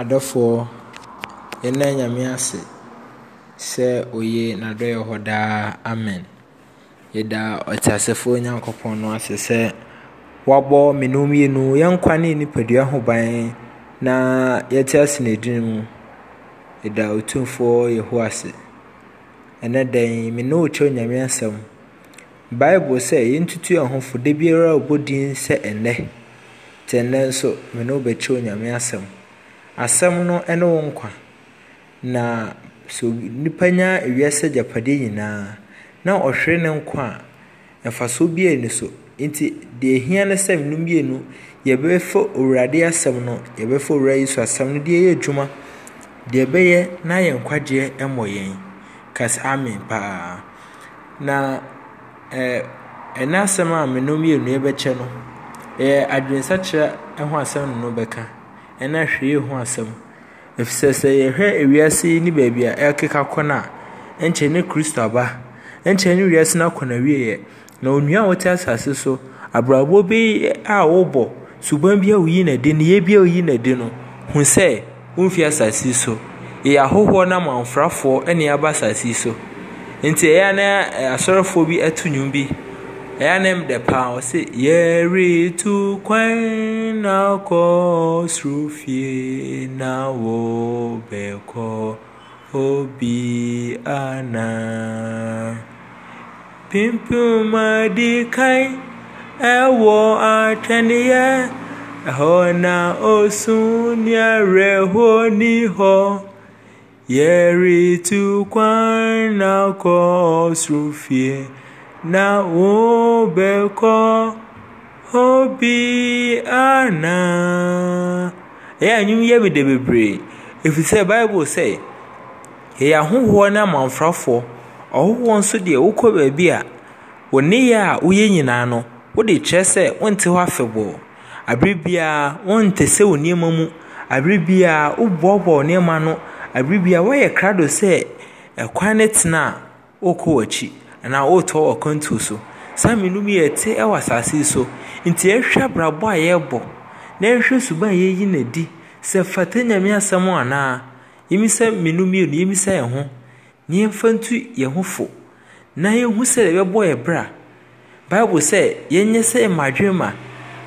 adɔfoɔ yɛna nyame ase sɛ oye n'adɔyɛ hɔ daa amen yɛda ɔteasefoɔ nyankopɔn no ase sɛ wabɔ me no mmienu yɛnkwa ne nipadua ho ban na yɛte ase n'edin mu yɛda otumfoɔ yehu ase ɛnɛ dɛn me ne okyerɛ nyame asɛm bible sɛ yɛntutu ahofo da biara ɔbɔ din sɛ ɛnɛ tɛ ɛnɛ nso me ne wobɛkyerɛ nyame asɛm asɛm no ne wo nkwa na so nipa nya ewiase agyapadeɛ nyinaa na ɔhwere ne nkwa a mfasoɔ biara ni so nti deɛ ehia ne sɛ nnum mmienu yɛbɛfa owurade asɛm no yɛbɛfa awura yi so asɛm no deɛ yɛ adwuma deɛ bɛyɛ na yɛ nkwagyeɛ mmɔ yɛn kasi amen paa na ɛɛ ɛna asɛm a nnum mmienu yɛbɛkyɛ no ɛyɛ adwensakyerɛ ho asɛm no bɛka. ɛna hwee ho asɛm ɛfisɛ sɛ yɛhwɛ ewiase yi ne baabi a ɛkeka kɔ a nkyɛn ne kristo aba nkyɛn ne wiase no akɔ na wieɛ na onua a wɔte asase so abrabɔ bi a wɔbɔ suban bi a woyi n'adi ne yɛ bi a woyi n'adi no hu sɛ womfi asase so yɛyɛ ahɔhoɔ no amamfrafoɔ ne yɛaba asase so nti ɛyɛ a na asɔrefoɔ bi ato nnwom bi ɛyɛ ne mu dɛ paa ɔsi yɛretu kwan na kɔ soro fie na wɔbɛkɔ obi ana pimpim adi kan ɛwɔ e atwɛneɛ ɛhɔ e na osun ni niarɛ hɔ ni hɔ yɛretu kwan na kɔ soro fie. na wobekọ obi ana ya anwum yɛ me de bebree ɛfiri sɛ yɛyɛ ahohoɔ no amanfrafoɔ ɔhohoɔ nso deɛ wokɔ baabi a wo nneyɛ a woyɛ nyinaa no wode kyerɛ sɛ wonte hɔ afebɔɔ abere biara wonte sɛ wo nneɛma mu abere biara nneɛma no abere woayɛ krado sɛ ɛkwan tena a wokɔ w'akyi na woretɔ wɔ akwantuo so saa mmienum yɛ te wɔ asase yi so nti ɛhwɛ abrabɔ a yɛrebɔ na ɛhwɛ suban a yɛyi n'adi sɛ fata nyame asɛm anaa yɛmisa mmienum mmienu yɛmisa yɛn ho na yɛmfa ntu yɛn ho fo na yɛhu sɛ yɛbɛbɔ yɛn bra bible sɛ yɛnyɛ sɛ mmadwene ma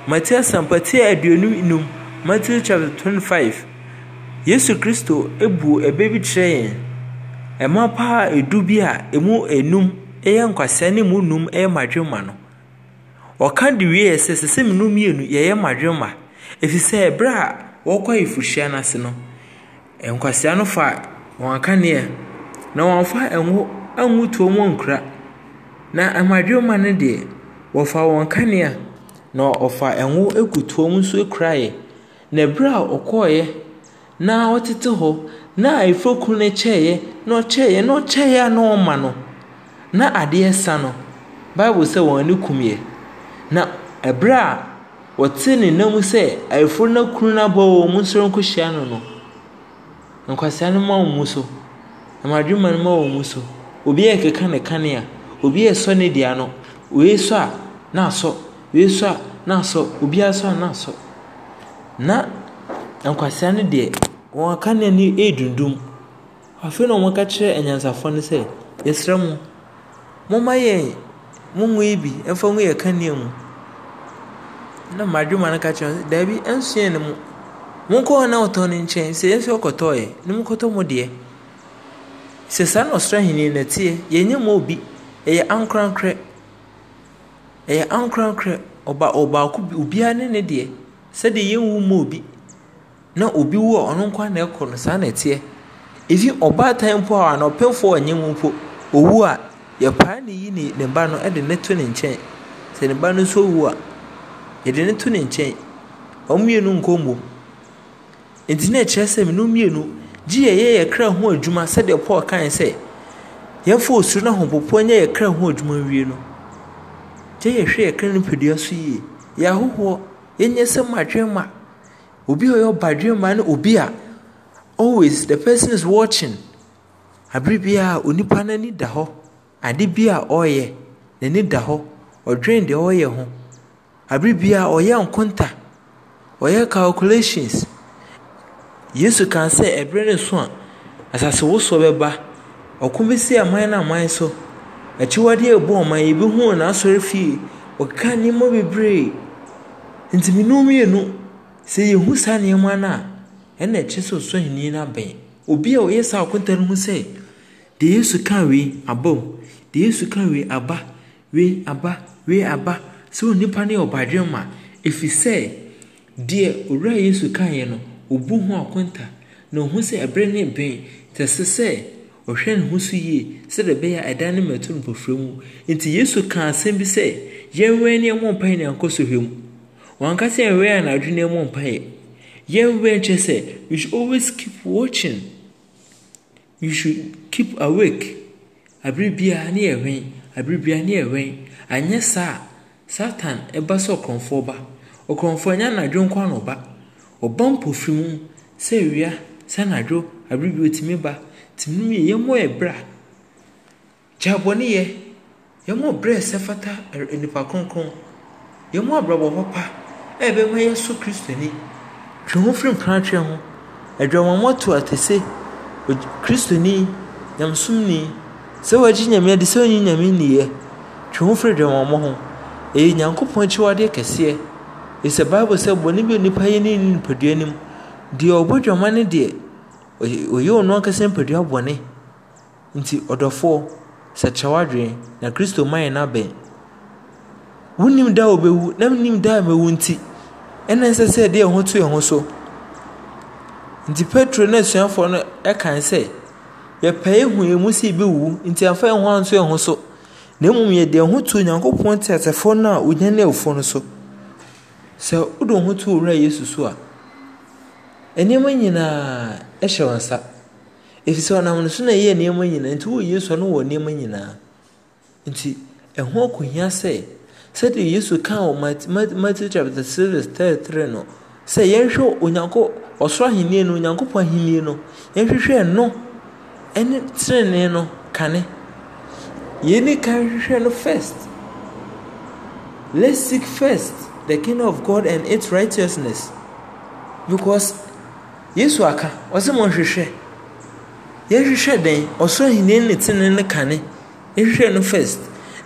matthew asɛmpatia aduonum enum matthew chapter twenty five yesu kristo ebu ebe bi kyerɛ yɛn ɛma paa edu bi a emu enum. ɛyɛ nkwasia ne mu num ɛyɛ madwema no ɔka de wie sɛ sɛ sɛ menu mmienu yɛyɛ madwema ɛfiri sɛ ɛberɛ a wɔkɔ ayifuhyia n'ase no nkwasia no fa wɔn akaneɛ na wɔmfa ngo angu tuo mu nkura na amadwema no deɛ wɔfa wɔn kanea na ɔfa ngo egu tuo mu nso yɛ na ɛberɛ a ɔkɔɔeɛ na ɔtete hɔ na ayifo kunu no kyɛeɛ na ɔkyɛeɛ na ɔkyɛeɛ a na ɔma no. na adeɛ sa no bible sɛ wɔn ani kum yɛ na ɛberɛ a wɔte ne nam sɛ ayeforo no kunu no abɔ wɔn mu nsoro nkɔhyia no no nkwasia no ma wɔn mu so amadwuma no ma wɔn mu so obi a ɛkeka ne kanea obi a ɛsɔ ne dea no oye sɔ a na asɔ oye sɔ a na asɔ obi asɔ a na asɔ na nkwasia no deɛ wɔn kanea no ɛredundum afei na wɔn ka kyerɛ anyansafoɔ no sɛ yɛsrɛ mu momma yɛn mo mu yi bi mfa ngu yɛ kanea mu na mmadwuma no ka kyerɛ sɛ daabi nsua ne mu monkɔ hɔ na ɔtɔ ne nkyɛn sɛ yɛmfi ɔkɔtɔeɛ ne mokɔtɔ mu deɛ sɛ saa na ɔsoro ahenni no teɛ yɛnyɛ ma obi ɛyɛ ankorankorɛ ɛyɛ ankorankorɛ ɔba ɔbaako bi obiara ne ne deɛ sɛdeɛ yɛnwu ma obi na obi wu a ɔno nkwa na ɛkɔ no saa na ɛteɛ efi ɔbaatan mpo a ɔpɛmfoɔ ɔnyɛ mu mpo owu a yɛpae ne yi ne ne ba no de ne to ne nkyɛn sɛ ne ba no nso wu a yɛde ne to ne nkyɛn wɔn mmienu nkɔ mbom nti na ɛkyerɛ sɛ mmienu mmienu gye yɛyɛ yɛ kra ho adwuma sɛdeɛ paul kan sɛ yɛmfa osuro no ahopopoɔ nyɛ yɛ kra ho adwuma wie no gye yɛhwɛ yɛ kra no padua so yie yɛ ahohoɔ yɛnyɛ sɛ madwema obi a ɔyɛ ɔbadwema ne obi a always the person is watching abere biara onipa no ani da hɔ ade bi a ɔreyɛ n'ani da hɔ ɔdwene deɛ ɔreyɛ ho abere biara ɔyɛ nkonta ɔyɛ calculations yesu kan sɛ ɛberɛ no so a asase wosoɔ bɛba ɔko aman aman so akyiwadeɛ ɔman n'asɔre fie ɔkeka nneɛma bebree mmienu sɛ saa nneɛma a ɛnna ɛkyerɛ sɛ ɔsɔ hini obi a ɔyɛ saa no ho sɛ deɛ yesu kaa wei aba o deɛ yesu kaa wei aba wei aba wei aba sɛ onipa no yɛ ɔbadwen ma ɛfiri sɛ deɛ owura yesu kaeɛ no ɔbu ho akonta na ɔhu sɛ ɛberɛ ne bɛn te sɛ sɛ ɔhwɛ ne ho so yie sɛdeɛ ɛbɛyɛ a ɛdan no mmɛto no pɔfra mu nti yesu kaa asɛm bi sɛ yɛnwɛn ne ɛmɔ mpae ne ankɔ sɔhwɛ mu wankasa yɛnwɛn anadwo ne ɛmɔ mpae yɛnwɛn kyerɛ sɛ we should always keep watching you should keep awake abere biara ne yɛwɛn abere biara ne yɛwɛn anyɛ saa satan ɛba sɛ ɔkorɔmfoɔ ba ɔkorɔmfoɔ nyɛ anadwo nko ano ba ɔba mpofiri mu sɛ ewia sɛ anadwo abere bi otumi ba tumi mu yɛ yɛmmɔ ɛbra gya abɔne yɛ yɛmmɔ brɛ sɛ fata er, nipa kronkron yɛmmɔ abrabɔ hɔ pa ɛbɛma yɛ so kristoni twe ho firi nkranatwe ho adwamamɔto atɛse kristoni nyamesomni sɛ wagye nyame ade sɛ wonyi nyame nniɛ twe ho firi dwamammɔ ho ɛyɛ nyankopɔn akyiwadeɛ kɛseɛ ɛsɛ bible sɛ bɔne bi onipa yɛ ne ne nipadua no mu deɛ ɔbɔ dwama no deɛ ɔyɛ ɔno ankasa nipadua bɔne nti ɔdɔfoɔ sɛ kyerɛ w'adwene na kristo ma yɛ no wonim da a wobɛwu na nim da a mɛwu nti ɛna nsɛ sɛ ɛde ɛho to ɛho so nti petro ne asuafoɔ no kan sɛ yɛpɛe hu yɛn mu sɛ bi wu nti afa yɛn ho anso yɛn ho so na mmom yɛde ho to onyankopɔn teasefoɔ no a onya ne awufoɔ no so sɛ wode ho to owura yesu so a nneɛma nyinaa hyɛ wɔn nsa ɛfiri ɔnam no so na ɛyɛ nneɛma nyinaa nti wɔ yesu no wɔ nneɛma nyinaa nti ɛho akohia sɛ sɛdeɛ yesu kaa wɔ matthew chapter 6 33 no sɛ yɛnhwɛ onyanko ɔsoro ahenni no onyankopɔn ahenni no yɛnhwehwɛ no ɛne tenenee no kane yɛni kan hwehwɛ no first let's seek first the kingdom of god and its righteousness because yesu aka ɔsɛ mo nhwehwɛ yɛhwehwɛ dɛn ɔsoro ahenni ne tenenee no kane yɛhwehwɛ no first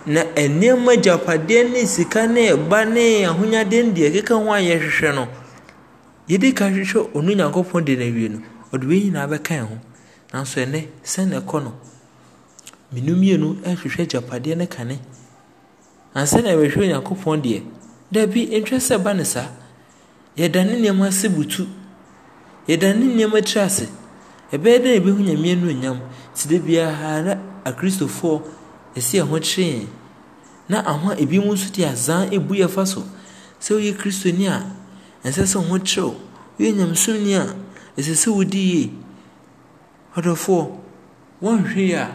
na nneɛma agyapadeɛ ne sika ne ɛba ne ahonyadeɛ ne deɛ ɛkeka ho a yɛhwehwɛ no yɛde ka hwehwɛ ɔno nyankopɔn de no awie no ɔde wei nyinaa bɛka ɛ ho nanso ɛnɛ sɛne ɛkɔ no menu mmienu ɛhwehwɛ agyapadeɛ ne kane ansɛne ɛbɛhwɛ onyankopɔn deɛ dabi ntwɛ sɛ ba ne saa yɛdane nneɛma ase butu yɛdane nneɛma tiri ase ɛbɛyɛ dɛ yɛbɛhu nyameɛ no nyam nti da biara na akristofoɔ ɛsi ɛho kyerɛ na ahoa ebinom nso de azan ebu yɛfa so sɛ woyɛ kristoni a ɛnsɛ sɛ ho kyerɛw woyɛ nyamesomni a ɛsɛ sɛ wodi yie ɔdɔfoɔ wɔnhwee a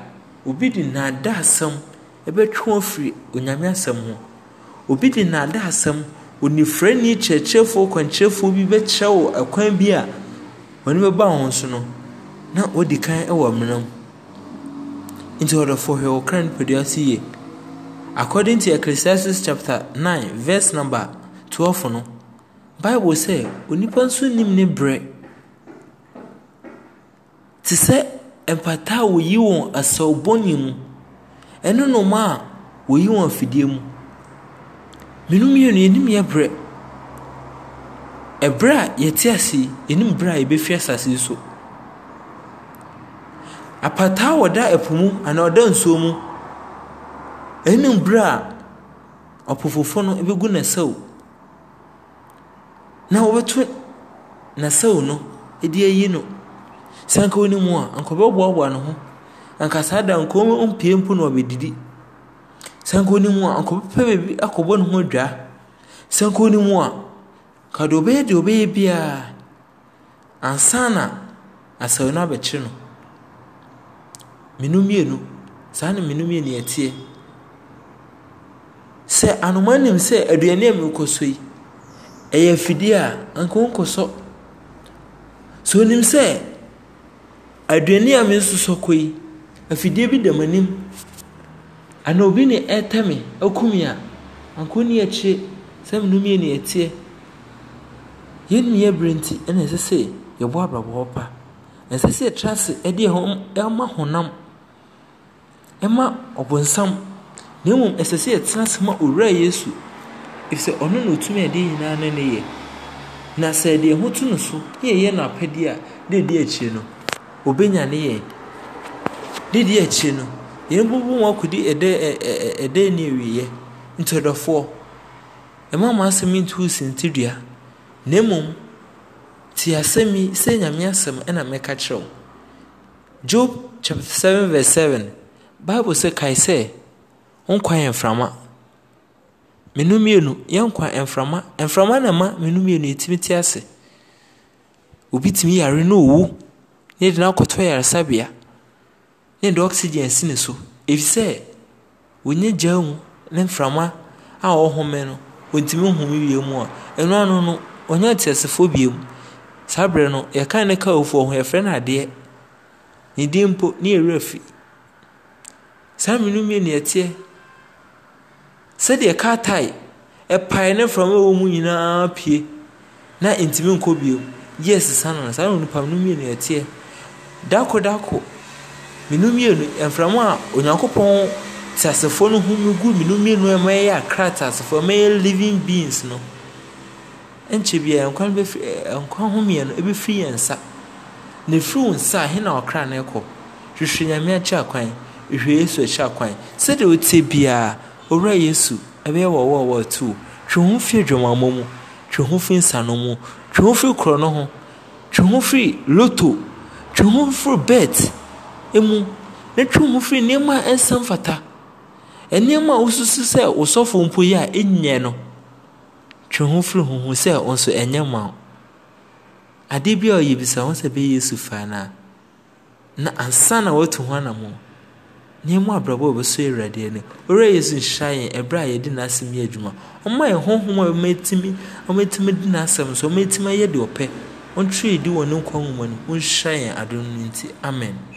obi de naada asɛm ɛbɛtwe wɔn firi onyame asɛm ho obi de naada asɛm onifirani kyerɛkyerɛfoɔ kwankyerɛfoɔ bi bɛkyerɛ ɛkwan bi a wɔne bɛba wɔn so no na wodi kan ɛwɔ mmerɛ mu nti ɔdɔfoɔ hwɛ wɔ kra nipadua so yie according to ecclesiastes chapter 9 verse number 12 no bible sɛ onipa nso nim ne berɛ te sɛ mpata a wɔyi wɔn asawbɔne mu ɛne noma a wɔyi wɔn afidie mu menu mmienu yɛnim yɛ berɛ ɛberɛ a yɛte ase yɛnim berɛ a yɛbɛfi asase so apataa a ɔda ɛpo mu anaa ɔda nsuo mu ɛnim berɛ a ɔpofofo no ɛbɛgu ne sɛw na wɔbɛto n'asau no de ayi no sɛ anka wɔ ne mu a anka ɔbɛboaboa ne ho anka saa da anka ɔmpie mpo na ɔbɛdidi sɛ anka wɔ ne mu a anka ɔbɛpɛ baabi akɔbɔ ne ho adwaa sɛ anka wɔ ne mu a ka deɛ ɔbɛyɛ deɛ ɔbɛyɛ biara ansa na asau no abɛkyere no menu mmienu saa na menu mmienu yɛteɛ sɛ anoma nim sɛ aduane a mekɔ so yi ɛyɛ afidie a anka wɔnkɔ sɔ sɛ onim sɛ aduane a me nso sɔ kɔ yi afidie bi da m'anim ana obi ne ɛretɛ me akum a anka ɔni akyire sɛ menu mie ne ɛteɛ yɛn nnua berɛ nti ɛna ɛsɛ sɛ yɛbɔ abrabɔ pa ɛsɛ sɛ yɛtra ase ɛde ɛma honam ɛma ɔbonsam na mmom ɛsɛ sɛ yɛtena ase ma owura yesu ɛfisɛ ɔno na ɔtumi a ɛde nyinaa ne yɛ na sɛ deɛ ho to no so ne yɛyɛ no a no ɔbɛnya ne yɛn ne di akyire no yɛn bubu mu akɔdi ɛdɛ ɛɛ ɛdɛ ne awieɛ ntɔdɔfoɔ ɛma mu dua na asɛm yi sɛ nyame asɛm ɛna mɛka kyerɛw job chapter seven nkwa yɛ menu mmienu yɛnkwa mframa mframa na ma menu mmienu yɛtumi te ase obi tumi yare na owu ne de n'akɔtɔ yaresabea ne de oxygen si ne so efisɛ onye gya mu ne mframa a ɔhome no ontumi nhome wie mu a ɛno ano no onye ateasefoɔ bie mu saa berɛ no yɛka ne ka ofu ho yɛfrɛ no adeɛ ne din mpo ne yɛwerɛ fi saa menu mmienu yɛteɛ sɛdeɛ car tae ɛpae ne mframa wɔ mu nyinaa pie na ntumi nkɔ bio yɛ sisa no saa no nipa mmienu mmienu yɛteɛ dako dako mmienu mmienu mframa a onyankopɔn teasefoɔ no ho mu gu mmienu mmienu ɛma yɛyɛ akra teasefoɔ ɛma yɛ living beings no nkyɛ biara nkwa no bɛfiri nkwa ho mmienu ɛbɛfiri yɛn nsa na ɛfiri wo nsa a he na ɔkra no ɛkɔ hwehwɛ nyame akyɛ akwan hwehwɛ yesu akyɛ akwan sɛdeɛ wotie biara owura yesu ɛbɛyɛ wɔ wɔ wɔ tu twe ho firi dwamammɔ mu twe ho firi nsano mu twe ho firi korɔ no ho twe ho firi loto twe ho firi bet emu na twe ho firi nneɛma a ɛnsa mfata nneɛma a wosusu sɛ wosɔfo mpo yi a ɛnyɛ no twe ho firi ho ho sɛ nso ɛnyɛ ma wo bi a ɔyɛ bisa ho sɛ bɛyɛ yesu faa no na ansa na watu ho anammɔ nneɛma abrabɔ a wɔbɛsɔ awurade ani ɔwura yesu nhyira yɛn ɛberɛ a yɛde n'asɛm yɛ adwuma ɔma yɛn honhom a ɔmatumi ɔmatumi de n'asɛm so ɔmatumi ayɛ deɛ ɔpɛ ɔntwerɛ di wɔ ne nkwa nwoma no ɔnhyira yɛn adom nti amen